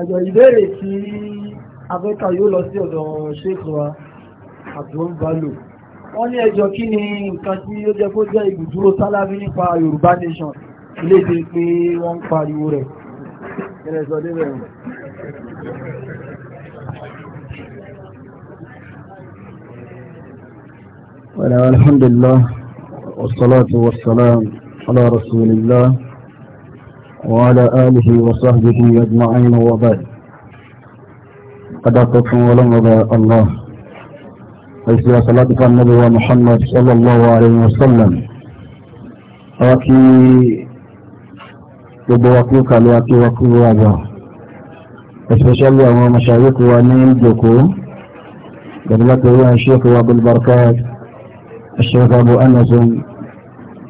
àjọ ìbéèrè tí afẹ́ka yóò lọ sí ọ̀dọ̀ ṣéèkùwa Abdul Balu wọ́n ní ẹjọ́ kí ni nǹkan tí ó jẹ́ kó jẹ́ ìbùdúró sálábí nípa Yorùbá Nation léde pé wọ́n ń pariwo rẹ̀ Wàlá alhamdulillah, wassalatu wassalam, ala rasulillah. وعلى آله وصحبه أجمعين وبعد قد أتكلم ولم أبا الله حيث يا صلاة النبي ومحمد صلى الله عليه وسلم أكي تبوكوك لأكي وكو واجا especially أمام مشايك وانين جوكو قد لك هو الشيخ وابو البركات الشيخ أبو أنس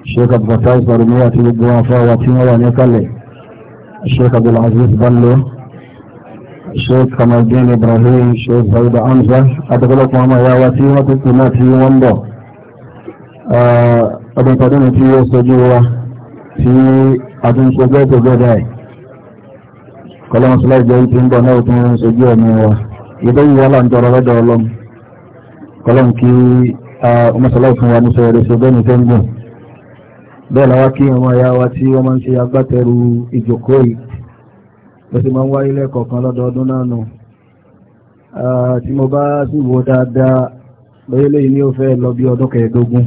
الشيخ أبو فايز برمياتي بوافا واتين وانيكالي الشيخ عبد العزيز بلو الشيخ كمال الدين إبراهيم الشيخ زيد حمزة أدخلت ماما يا واتيمة في وندو أبن قدمي في يسجوا في أدن سجوة جداي كلام صلاة جاي عند نوت من سجوة ميوا يدعي ولا أنت رغد ولم كلام كي أمسلاك وانسى رسيبين تنبو bẹ́ẹ̀ làwa kí ọmọ ìyá wa tí wọ́n máa ń ṣe agbátẹrù ìjòkó yìí ló sì máa ń wáyé lẹ́ẹ̀kọ̀ọ̀kan lọ́dọọdún náà nù tí mo bá sì wo dáadáa lóyún lẹ́yìn ní ó fẹ́ lọ bí ọdún kẹẹ̀ẹ́dógún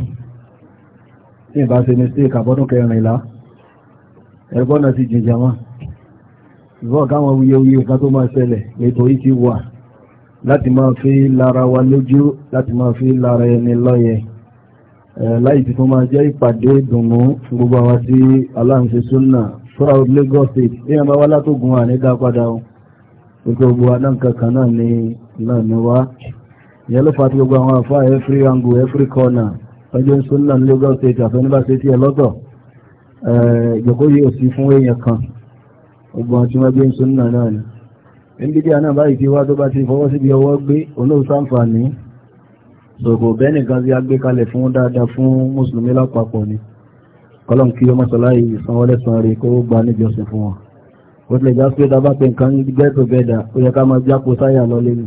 tí ìbá ṣe mistake àbọ́dún kẹrìnlá ẹ̀gbọ́n náà ti jìnjà wọn ìwọ́n káwọn wuyewuye kan tó máa ṣẹlẹ̀ ètò yìí ti wà láti máa fi lára wa lójú láti máa fi lára ẹni lọ́yẹ̀ẹ́ láìsí tó máa jẹ́ ìpàdé ìdùnnú fún gbogbo àwọn tí aláǹṣe súnà fúra Lagos state ní ẹ̀mọ́ wá látògùn ànídá padà gbogbo gbogbo adáǹkankan náà ni náà ni wá ló fà tí gbogbo àwọn àfá every angle every corner ọjọ́ súnà ní Lagos state àfẹnibàṣe tí ẹ lọ́tọ̀ ìjọkó yìí ò sí fún èèyàn kan gbogbo àti wọn gbé súnà náà ni ẹnbídíà náà báyìí ti wá tó bá ti fọwọ́ síbi ọwọ́ gbé olóòsànfààní sọ̀kò bẹ́ẹ̀ nìkan sí agbékalẹ̀ fún dáadáa fún mùsùlùmí lápapọ̀ ni kọlọ̀n kí ọmọ sọláyì sanwọ́lẹ́sàn rẹ̀ kó gbà níjọsìn fún wọn ó tilẹ̀ já pé dábàá pé nǹkan gẹ́tò bẹ́ẹ̀dà ó yẹ ká máa jápo táyà lọ lẹ́nu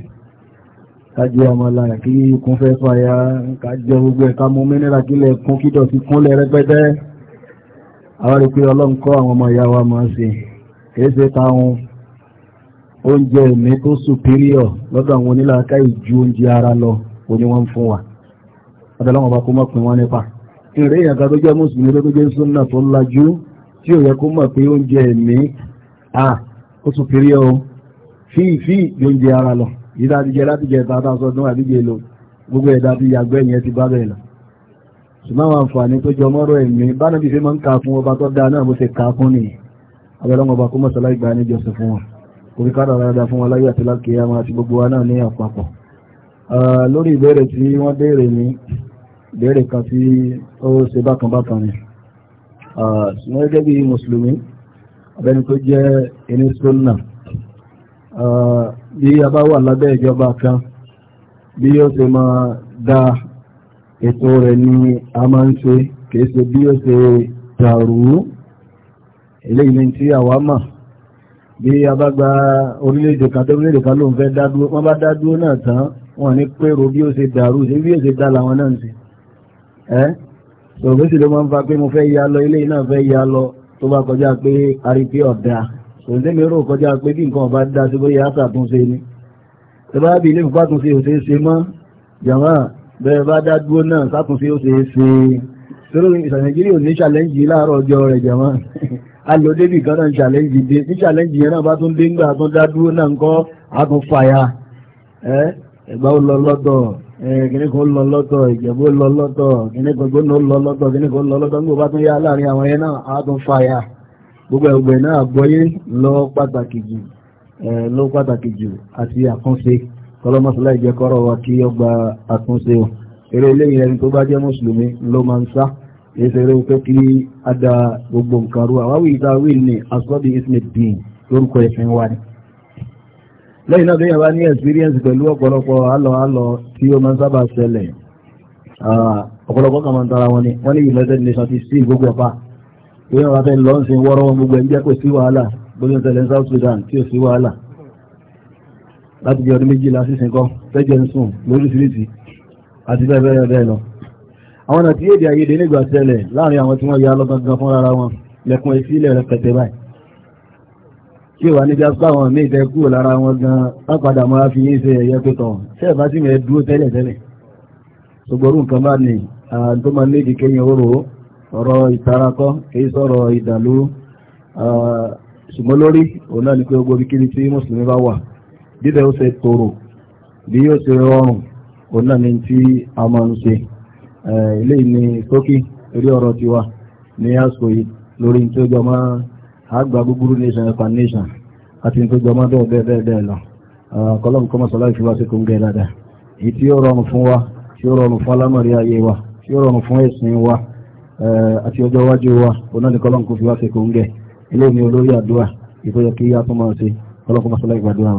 kájí ọmọlá kí ikún fẹ́ fàyà kájọ gbogbo ẹ̀ ká mú mínírà kílẹ̀ kún kí dọ̀tí kúnlẹ̀ rẹpẹtẹ àwọn rí pé ọlọ́run kọ́ àwọn ọmọ ìyá wa máa ṣe kìí ṣe táwọn oúnjẹ ẹ̀mí tó superior lọ́dọ̀ àwọn onílàáká ìju oúnjẹ ara lọ òní wọ́n ń fún wa adọ́lọ́wọ́n bá kó mọ́ pin wọ́n nípa ìrẹ́ ìyàgá tó jẹ́ mùsùlùmí tó jẹ́ súnà tó lajú tí ò yẹ kó mọ̀ pé oúnjẹ ẹ̀mí à ó tún fi rí ọ fíìfíì lóúnjẹ ara lọ yìí láti jẹ láti jẹ tàbí sọdún àdíje lò gbogbo ẹ̀dá bí yàgbẹ́ yẹn ti bá bẹ̀rẹ̀ lọ ṣùgbọ́n àwọn àǹfààní tó jọ mọ́rọ̀ ẹ̀mí bánà bí ṣe máa ń ka fún ọba tó dáa náà bó ṣe ka fún nìyẹn abẹ́lọ́wọ́n ọba kó mọ̀ṣọ́lá ìgbà níjọsìn fún wọn kò fi kára rárá fún wọn láyé àti Ah, lórí ìbéèrè tí wọ́n béèrè ní ìbéèrè kan tí ó ṣe bákan bákan ni ah, ṣùgbọ́n gẹ́gẹ́ bí mùsùlùmí abẹ́ni tó jẹ́ ẹni sunna ah, bí a bá wà lábẹ́ ìjọba kan bí ó ṣe máa dá ètò rẹ̀ ni a máa ń ṣe kìí ṣe bí ó ṣe dàrú eléyìí ní tí àwa mà bí a bá gba orílẹ̀-èdè kan tó orílẹ̀-èdè kan ló ń fẹ́ dá dúró wọ́n bá dá dúró náà tán wọn ní pẹ́rọ bí ó ṣe dàrú ṣe bí ó ṣe dá làwọn náà ṣe ẹ́ sọ̀rọ̀ sì ló máa ń fa pé mo fẹ́ ya lọ ilé náà fẹ́ ya lọ tó bá kọjá pé arípé ọ̀dà òun tẹ́mi rò kọjá pé bí nǹkan ọba dá sí bóyá àtàtúnṣe ni tó bá bí ilé ìfúnpátúnṣe ò ṣeé ṣe mọ́ jàmá bẹ́ẹ̀ bá dá dúró náà sátúnṣe ó ṣeé ṣe sọ́rọ̀ ìṣà nàìjíríà ò ní ṣàlẹ́ǹjì láàárọ̀ ọjọ́ rẹ̀ ẹ̀gbá ó lọ lọ́tọ̀ ẹ̀gìnníkan ó lọ lọ́tọ̀ ìjẹ̀bú ó lọ lọ́tọ̀ gìnníkan ó lọ lọ́tọ̀ gìnníkan ó lọ lọ́tọ̀ nígbà bá tún yá láàrin àwọn ẹ̀yẹ náà á tún fàyà gbogbo ẹgbẹ́ náà gbọ́yé lọ pàtàkì jù lọ pàtàkì jù àti àkúnṣe kọlọ́mọ́sọ́lá ìjẹ́ kọ́rọ̀ wa kí ọgbà àkúnṣe o eré eléyìí ẹni tó bá jẹ́ mùsùlùmí ló máa ń sá èsì eré pé kí á da gbogbo nǹkan rú àwáwí ìta wíìlì ní asọ́bí ismet dín lórúkọ ẹ̀sìn wa ni lẹ́yìn náà lóyìn bá ní experience pẹ̀lú ọ̀pọ̀lọpọ̀ alọ́ alọ́ tí ó máa ń sábà ṣẹlẹ̀ ọ̀pọ̀lọpọ̀ kan máa ń tara wọn ni wọ́n ní United Nations ti sí gbogbo ọ̀pá lóyìn bá fẹ́ lọ́nsìn wọ́rọ́ wọn gbogbo ẹ̀jẹ̀ kò sí wàhálà bóyá ṣẹlẹ̀ ní South Sudan tí ò sí wàhálà láti bí ọdún méjìlá sísìn kan fẹ́jẹ̀ ń sùn lóríṣiríṣi àti bẹ́ẹ̀ bẹ́ẹ̀ bẹ́ẹ̀ lọ. àwọn àti èdè àyèdè nígbà ṣẹlẹ̀ láàrin àwọn tí wọ́n ya lọ́gángan fúnra wọn lẹ́kùn etí ilẹ̀ rẹpẹtẹ báyìí tí wà níbi apá àwọn mí ìtẹ́ kúrò lára wọn gan pápádà máa fi yín ṣe ẹ̀yẹ pé tán ṣe ìbá sí mẹ́ẹ̀ dúró tẹ́lẹ̀ tẹ́lẹ̀ ṣùgbọ́rù nǹkan bá ní tó máa lédi kẹ́yìn oró ọ̀rọ̀ ìtarakọ́ kìí sọ̀rọ̀ ìdàlú ṣùgbọ́n lórí òun náà ni pé gbogbo kíkiri tí mùsùlùmí bá wà dídẹ̀ ó ṣe tòrò bí yóò ṣe rọrùn òun náà ni tí a máa ń ṣe ilé ìní sókè orí ọ̀rọ̀ tiwa ní àsòyí lórí tí ó àgbà gbogbo nation ẹ̀fà nation àti nǹkan gbọmọ bẹ́ẹ̀ bẹ́ẹ̀ bẹ́ẹ̀ bẹ́ẹ̀ lọ kọlọ́mù kọ́mọ sọlá ìfipá sí kò ń gẹ̀ dáadáa èyí tí ó rọrùn fún wa tí ó rọrùn fún alámọ̀rí ayé wa tí ó rọrùn fún ẹ̀sìn wa àti ọjọ́ iwájú wa oná ní kọlọ́mù kò fi wá sí kò ń gẹ̀ ilé mi olórí àdúrà ìtọ́ yẹ kí yá tó máa ṣe kọlọ́mù kọ́mọ sọlá ìgbàdúrà